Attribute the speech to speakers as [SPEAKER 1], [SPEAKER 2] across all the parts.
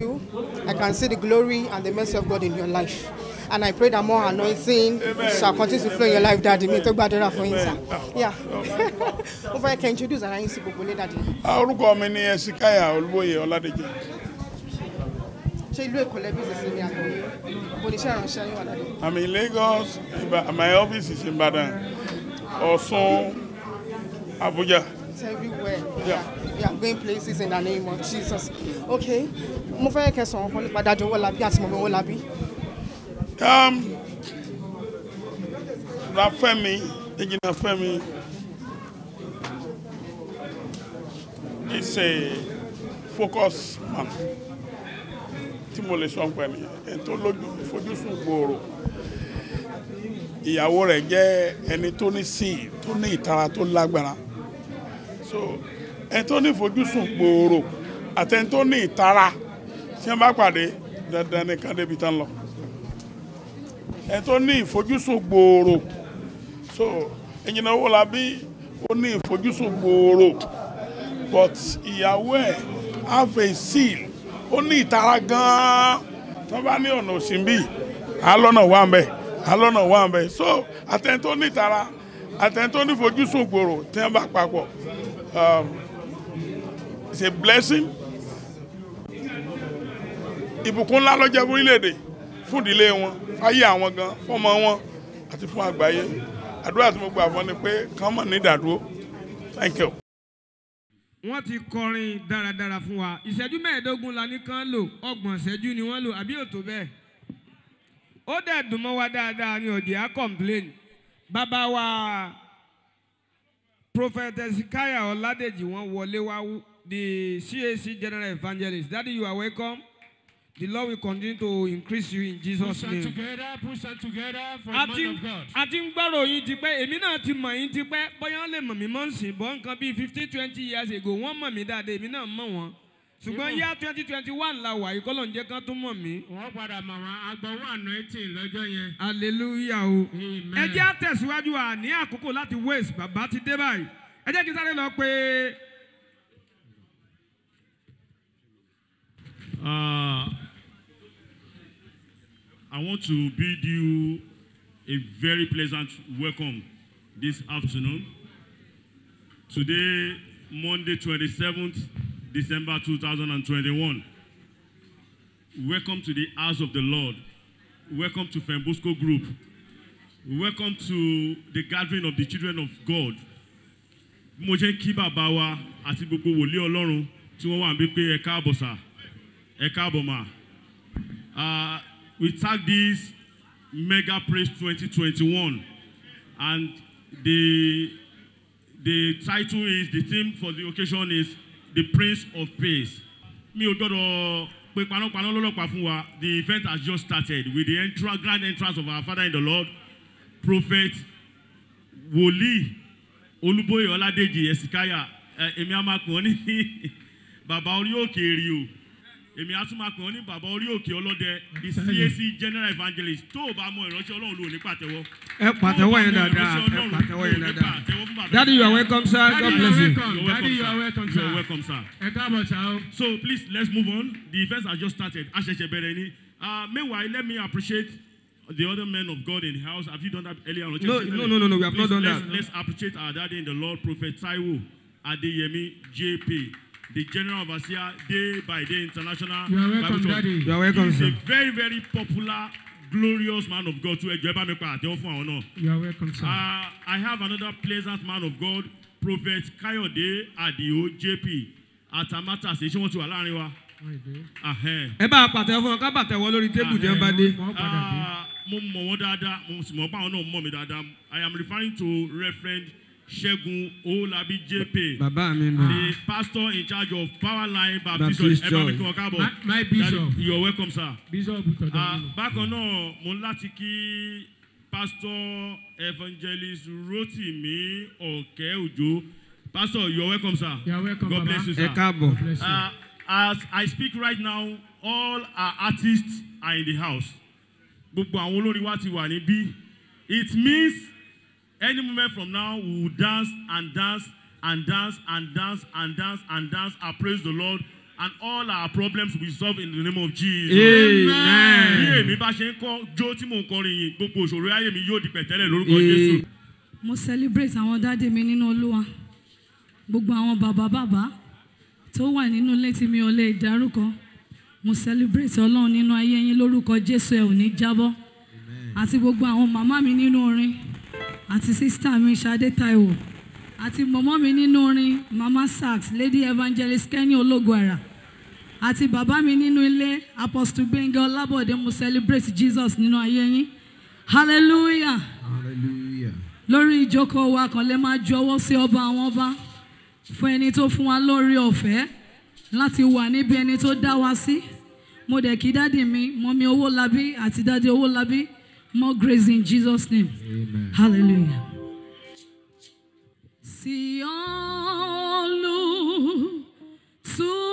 [SPEAKER 1] you, I can see the glory and the mercy of God in your life. And I pray that more anointing Amen. shall continue to flow in your life, Daddy. Me tó gbàdúrà for yín Yeah. Mo fẹ́ kẹ́ introduce ara yín sí gbogbo ilé Daddy.
[SPEAKER 2] Ah, orúkọ mi ni Ẹ̀sìkáyà Olúbóyè Ọládèjì.
[SPEAKER 1] Ṣé ìlú Èkó lẹ́bí ìsinsin
[SPEAKER 2] I'm in Lagos, my office is in Ibadan, Also, Abuja.
[SPEAKER 1] It's everywhere. Yeah. yeah. We are going places in the name of Jesus. Okay. Mo fẹ́ kẹ́ sọ̀rọ̀ kan nípa Dájọ́ Wọ́lábí àti Mọ̀mí Wọ́lábí. Um,
[SPEAKER 2] Rafẹ́mi, Ìjìnà Fẹ́mi, this a focus man tí mo lè sọ ń pẹ̀ nìyẹn. Ẹni tó lójú fojúsùn gbòòrò ìyàwó rẹ̀ jẹ́ ẹni tó ní sí tó ní ìtara tó lágbára. so ẹni tó ní ìfojúsùn gbòòrò àtẹni tó ní ìtara tí wọ́n bá pàdé dandan nìkan débi tán lọ ẹni tó ní ìfojúsùn gbòòrò so ẹ̀yìn náà wò ó ní ìfojúsùn gbòòrò but ìyàwó have a seal ó ní ìtara gan-an tó bá ní ọ̀nà òsínbí alọ́nà wà ń bẹ̀ alọ́nà wà ń bẹ̀ so ní ìtara ní ìfojúsùn gbòòrò tí bá papọ̀. um, it's a blessing ìbùkún ńlá ló jẹ́ fún orílẹ̀-èdè fún ìdílé wọn fáyé àwọn gan fọ́mọ wọn àti fún àgbáyé àdúrà tí mo gbà fún ni pé kàn mọ̀ ní ìdádúró thank you.
[SPEAKER 1] wọ́n ti kọrin dáradára fún wa ìṣẹ́jú mẹ́ẹ̀ẹ́dógún la ní kán lò ọgbọ̀n ìṣẹ́jú ni wọ́n lò àbí òtò bẹ́ẹ̀ ó dẹ̀ dùn mọ́ wa dáadáa ni ọ̀jẹ̀ á complain Baba wa. Prophet Ezekiah Oladeji wọ́n wọlé wá the CAC General Evangelist. Daddy, you are welcome. The Lord will continue to increase you in Jesus' push name. Push together, push together for the man of God. A ti ń gbọ́rọ̀ yín ti pẹ́, èmi náà ti mọ̀ yín ti pẹ́, bóyá wọ́n lè mọ̀ mí mọ́ ń bọ́ nǹkan bíi fifteen twenty years ago, wọ́n mọ̀ mí dáadáa, èmi náà mọ̀ wọ́n ṣùgbọ́n yá twenty twenty one la wà yìí ń jẹ́ kán tún mọ̀ mí. wọ́n padà mọ̀ wá agbọ̀wọ́ anointing lọ́jọ́ yẹn. hallelujah o. ẹ àtẹ̀síwájú à ní àkókò láti waste bàbá ti dé báyìí. ẹ kí sáré lọ
[SPEAKER 3] pé. Ah, I want to bid you a very pleasant welcome this afternoon. Today, Monday, 27th December 2021. Welcome to the house of the Lord. Welcome to Fembusco Group. Welcome to the gathering of the children of God. Mo jẹ́ kí bàbá wa àti gbogbo wòlíì Ọlọ́run tí wọ́n wà ń bí pé ẹ káàbọ̀ sà ẹ káàbọ̀ mà. We tag this Mega Praise 2021 and the the title is the theme for the occasion is the prince of peace mi ò gbọ́dọ̀ pé panápaná lọ́lọ́pàá fún wa the event has just started with the entrance grand entrance of our father in the lord prophet Woli. olúbóyè ọládèjì ẹ̀sìkáyà èmi àmàkùn ní bàbá orí òkè èrè o èmi á tún máa pè ní bàbá orí òkè ọlọ́dẹ the CAC general evangelist tó o bá mọ ìránṣẹ́ ọlọ́run ló ní pàtẹ́wọ́. ẹ pàtẹ́wọ́ yẹn dáadáa ẹ pàtẹ́wọ́ yẹn dáadáa daddy you are welcome sir god bless you. daddy you are welcome sir you are welcome sir. ẹ káàbọ̀ sá so please let's move on the event has just started a ṣẹ̀ṣẹ̀ ni uh, meanwhile let me appreciate the other men of God in the house. Have you done that earlier? No, no, no, no, no, we have not done that. Let's appreciate our daddy in the Lord, Prophet Taiwo Adeyemi JP the general overseer day by day international you are welcome daddy you are welcome sir he is a very very popular glorious man of god too ẹjọ ẹ mi pa àtẹwọ fún àwọn náà
[SPEAKER 1] you are welcome sir uh,
[SPEAKER 3] i have another pleasant man of god prophet kayode adio jp atamata ṣe ṣé wọn ti wà láàrin wa. ẹ bá a pàtẹ́wọ́ fún ọ ká pàtẹ́wọ́ lórí tébù jẹ́ ń bá dé. Ah, mo mọ̀ wọ́n dáadáa mo sì mọ̀ pé àwọn náà mọ̀ mi dáadáa i am referring to reference. Ṣẹ́gun Olabi JP.
[SPEAKER 1] Bàbá mi ma. The
[SPEAKER 3] pastor in charge of power line, Church. Ẹ bá mi My bishop. That, you are welcome sir. Bishop Tọ́jú. Ah, bákan náà, mo ń láti kí pastor evangelist Rotimi Ọ̀kẹ́ Òjò. Pastor, you are welcome sir. You are welcome God Baba. bless you sir. Ẹ káàbọ̀. Ah, as I speak right now, all our artists are in the house. Gbogbo àwọn olórin wa ti wà níbí. It means any moment from now, we will dance and dance and dance and dance and dance and dance and praise the Lord. And all our problems will be solved in the name of Jesus. Amen. Bí èmi bá ṣe ń kọ́ jó tí mò ń kọrin yìí, gbogbo òṣòro ayé mi yóò di pẹ̀tẹ́lẹ̀ lórúkọ Jésù.
[SPEAKER 4] Mo celebrate àwọn dáde mi nínú Olúwa. Gbogbo àwọn bàbá bàbá tó wà nínú ilé mi ò lè dárúkọ. Mo celebrate Ọlọ́run nínú ayé yín lórúkọ Jésù ẹ̀ ò ní jábọ́. Àti gbogbo àwọn màmá mi nínú orin àti sísítà mi Ṣadé Táíwò àti mọ̀mọ́ mi nínú orin Mama Sax Lady Evangelist Kenny Ológùara àti bàbá mi nínú ilé Apostle Gbẹ̀ngà Ọlábọ̀dé mo celebrate Jesus nínú ayé yín hallelujah hallelujah lórí ìjókòó wa kan lè máa ju ọwọ́ sí ọba àwọn ọba fún ẹni tó fún wa lórí ọ̀fẹ́ láti wà níbi ẹni tó dá wa sí mo dẹ̀ kí dádì mi mọ́mí Owólabí àti dádì Owólabí More grace in Jesus' name. Amen. Hallelujah. See all to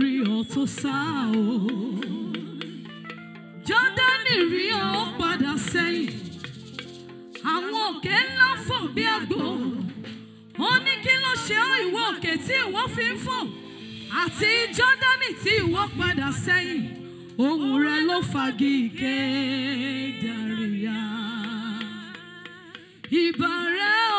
[SPEAKER 4] orí ọ̀tún sá o. Jọ́dánì rí ọ padà sẹ́yìn. Àwọn òkè ńlá fò bí àgbò. Ó ní kí ló ṣe ọ́ ìwọ òkè tí ìwọ fi ń fò. Àti Jọ́dánì tí ìwọ padà sẹ́yìn. Ohùn rẹ ló fagi ìké dàríyá. Ìbà rẹ̀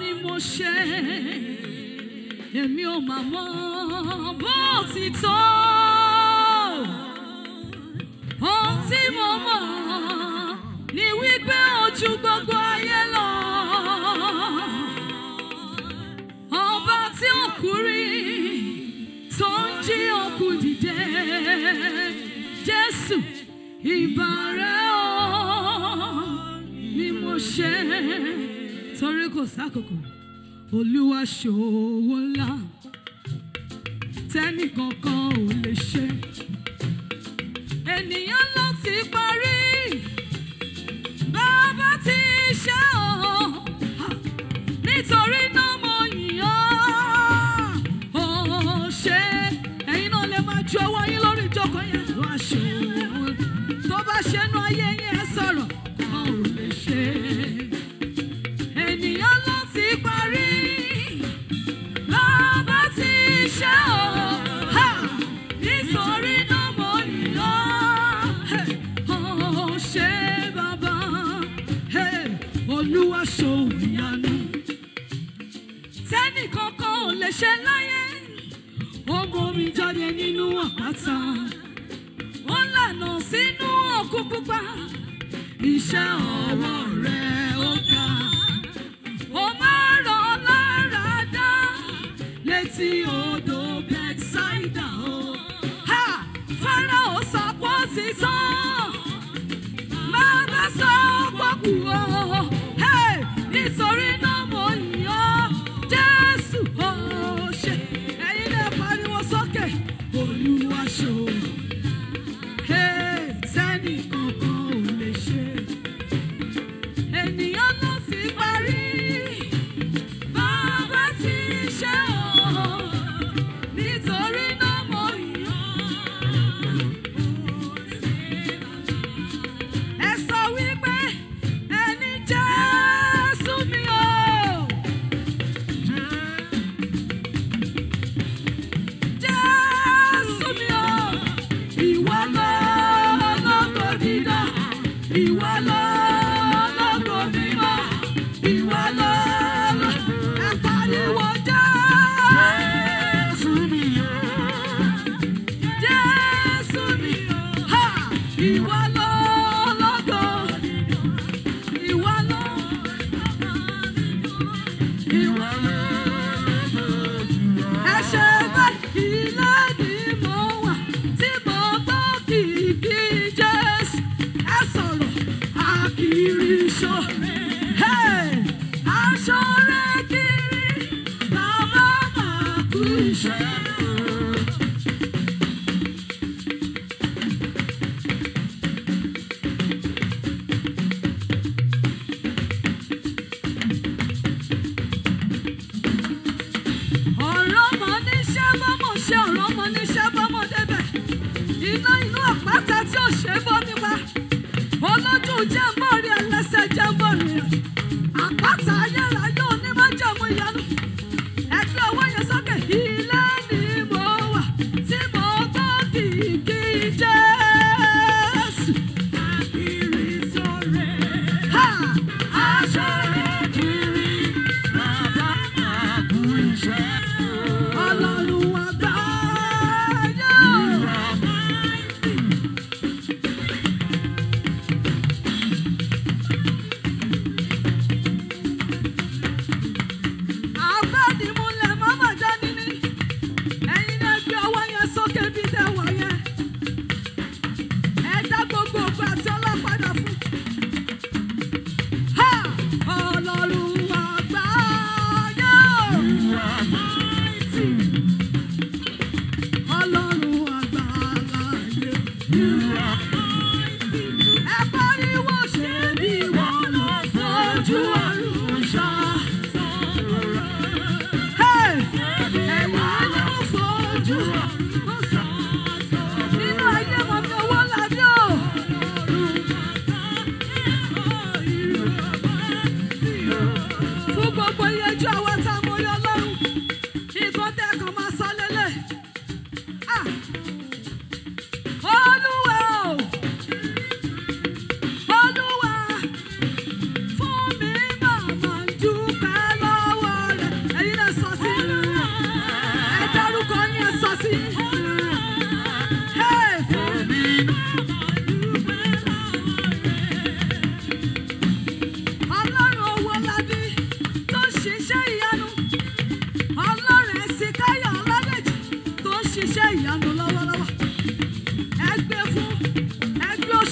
[SPEAKER 4] ni mo ṣe èmi ò mà mọ bó ti tó ohun tí mo mọ̀ ni wípé ojú gbogbo ayé lọ ọba tí ọkùnrin tó ń jí òkú dìde Jésù ìbàrẹ̀ ọ́ ni mo ṣe torí kò sákòókò olúwa ṣòwò ńlá tẹ́nì kankan ò lè ṣe ènìyàn ló ti parí bàbá ti ṣe ọ̀ nítorí náà mo yìn ọ́ ò ṣe ẹ̀yin náà lè máa ju ọwọ́ yín lórí ìjókòó yẹn lọ́wọ́ ṣòwò tó bá ṣẹ́nu ayé. ṣe láyé ogun omi jáde nínú àpáta wọ́n lànà sínú òkun pupa iṣẹ́ ọwọ́ rẹ̀ ó ga ó máa rọ̀ lára dá létí odò bẹ́ẹ̀ ṣáìdà fara ó sàpọ̀ sí tán. Acompanhei de ao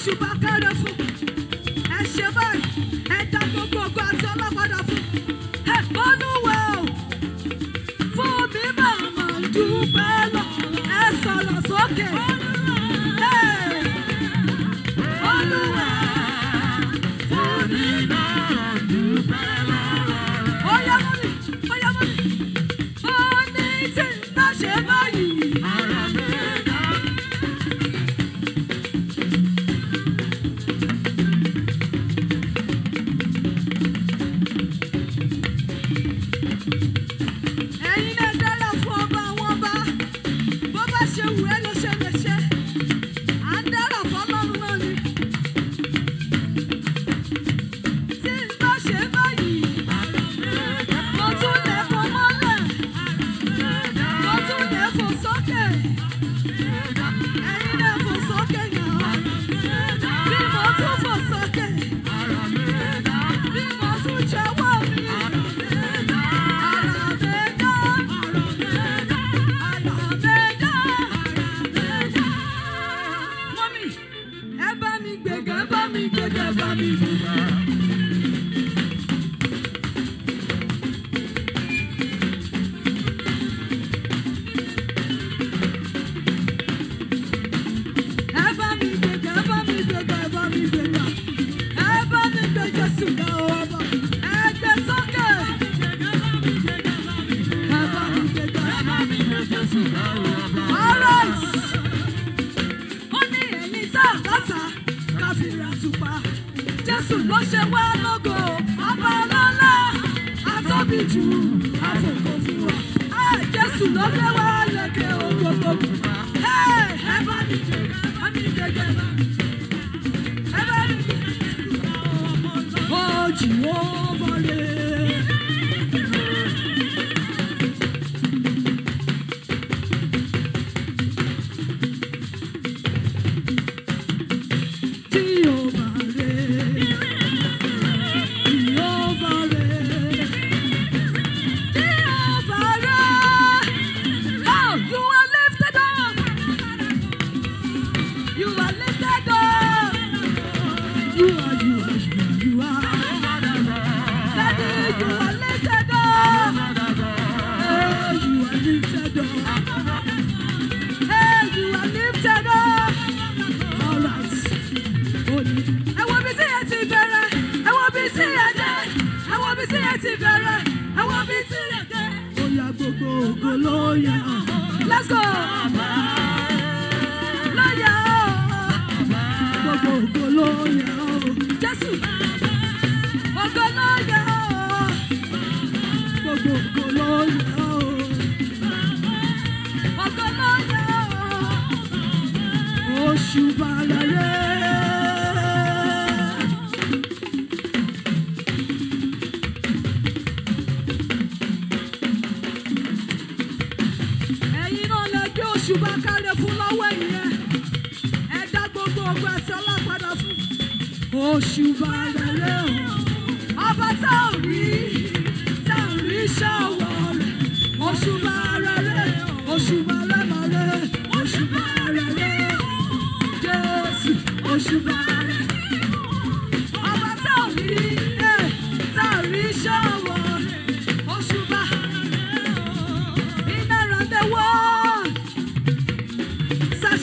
[SPEAKER 4] chupa caroço Thank mm-hmm. you. lifted up. Hey, you are lifted up. All right. Ẹ wo bí tí ẹ ti bẹ̀rẹ̀, ẹ wo bí tí ẹ dé, ẹ wo bí tí ẹ ti bẹ̀rẹ̀, ẹ wo bí tí ẹ dé. Ó yá gbogbo Let's go. Ló yá o. Gbogbo ògo Oh rere. ẹ̀yin náà lè gbé òṣùpá kalẹ̀ fún lọ́wọ́ ìyẹn ẹ dá gbogbo ọgbà ẹ̀sẹ̀ ọlá padà fún òṣùpá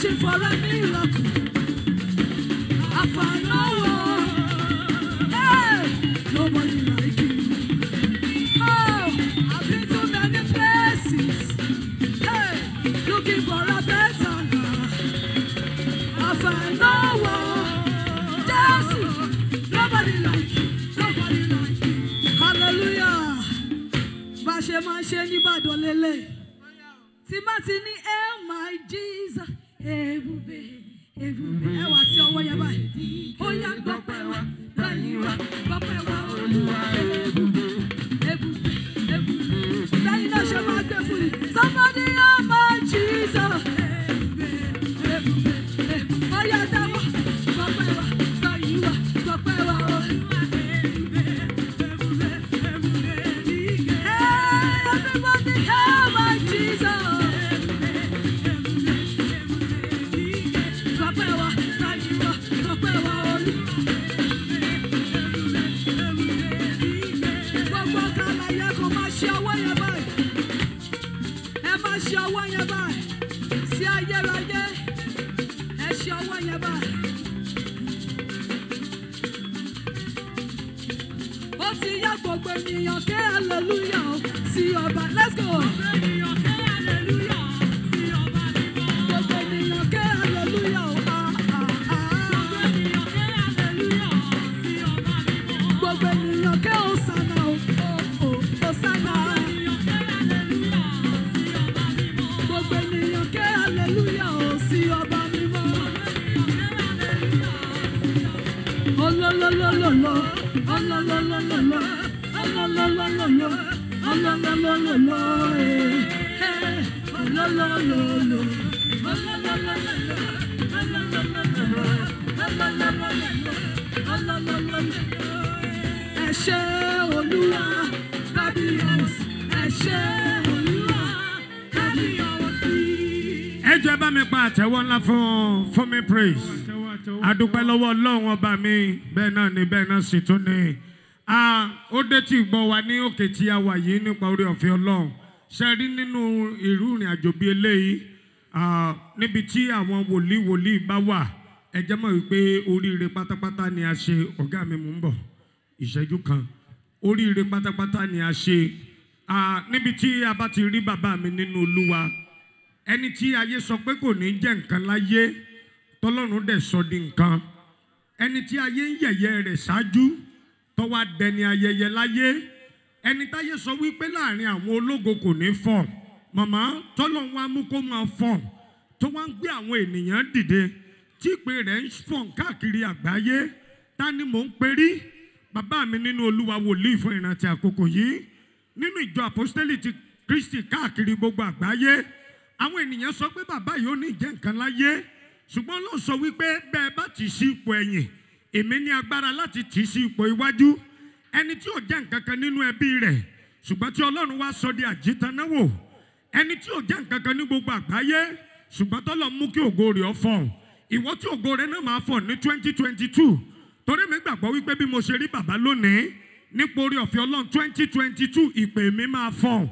[SPEAKER 4] ṣe fọ̀rọ̀ mi rọ̀kùn. ṣe ọwọ́ yẹn báyìí sí ayérayé ẹ ṣe ọwọ́ yẹn báyìí. let's go. ololololo ololololo ololololo ololololo ẹ ṣé olúwa kábíyọ̀s ẹ ṣé olúwa kábíyọ̀s.
[SPEAKER 1] ẹ jẹ́ bá mi pa àtẹ́wọ́ ńlá fún fún mi praise adúpẹ́ lọ́wọ́ ọlọ́run ọba mi bẹ́ẹ̀ náà ni bẹ́ẹ̀ náà sì tún ni ó dé tí ìgbọ́ wa ní òkè tí a wà yìí nípa orí ọ̀fẹ́ ọlọ́run ṣe rí nínú irú ìrìn àjò bíi eléyìí níbi tí àwọn wòlíì wòlíì bá wà ẹ jẹ́ mọ̀ wípé oríire pátápátá ni a ṣe ọ̀gá mi mú ń bọ̀ ìṣẹ́jú kan oríire pátápátá ni a ṣe níbi tí a bá ti rí bàbá mi nínú olúwa ẹni tí ayé sọ pé kò ní jẹ́ nǹkan láyé tọ́lọ́run dẹ̀ sọ di nǹkan ẹni tí ayé ń yẹ̀yẹ́ rẹ̀ ṣáájú tó wá dẹni ayẹyẹ láyé ẹni táyé sọ wípé láàrin àwọn ológo kò ní fọ́ màmá tọ́lọ́run wá mú kó máa fọ́ tó wá ń gbé àwọn ènìyàn dìde tí ìpè rẹ̀ ń fọ́ káàkiri àgbáyé ta ni mò ń perí bàbá mi nínú olúwa wòlíì fún ìrántí àkókò yìí nínú ìjọ àpọ́stélì ti Kristi káàkiri gbogbo àgbáyé àwọn ènìyàn sọ pé bàbá yìí ó ní ìjẹ́ nǹkan láyé ṣùgbọ́n ló sọ wípé bẹ́ẹ̀ bá tì í sí ipò ẹ̀yìn èmi ní agbára láti tì í sí ipò iwájú ẹni tí ò jẹ́ nǹkan kan nínú ẹbí rẹ̀ ṣùgbọ́n tí ọlọ́run wá sọ di àjítanáwò ẹni tí ò jẹ́ nǹkan kan ní gbogbo àgbáyé ṣùgbọ́n tọ́lọ̀ mú kí ògo rẹ̀ fọ̀ ìwọ tí ògo rẹ̀ náà máa fọ̀ ní twenty torí mi gbàgbọ́ wípé bí mo ṣe rí bàbá lónìí nípa orí ọ̀fẹ́ ọlọ́run twenty ìpè mi máa fọ̀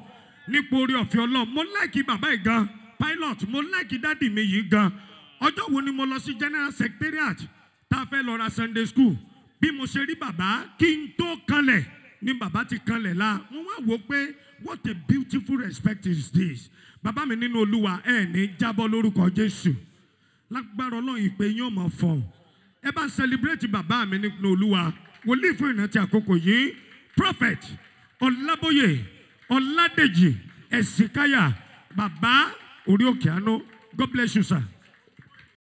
[SPEAKER 1] nípa orí ọ̀fẹ́ ọlọ́run mo láìkí bàbá yìí gan pilot mo láìkí dádì mi yìí gan ọjọ́ wo ni mo lọ sí general secretariat tá a fẹ́ lọ ra sunday school bí mo ṣe rí bàbá kí n tó kanlẹ̀ ni bàbá ti kanlẹ̀ la wọ́n wá wò pé what a beautiful respect is this bàbá mi nínú olúwa ẹ̀ ní jábọ́ lórúkọ jésù lágbára ọlọ́run ìpè yín ò mọ̀ fọ̀n ẹ bá celebrate bàbá mi nínú olúwa wòlíì fún ìrántí àkókò yìí prophet ọlábóyè ọládèjì ẹ̀sìnkáyà bàbá orí òkè àánú god bless you sir.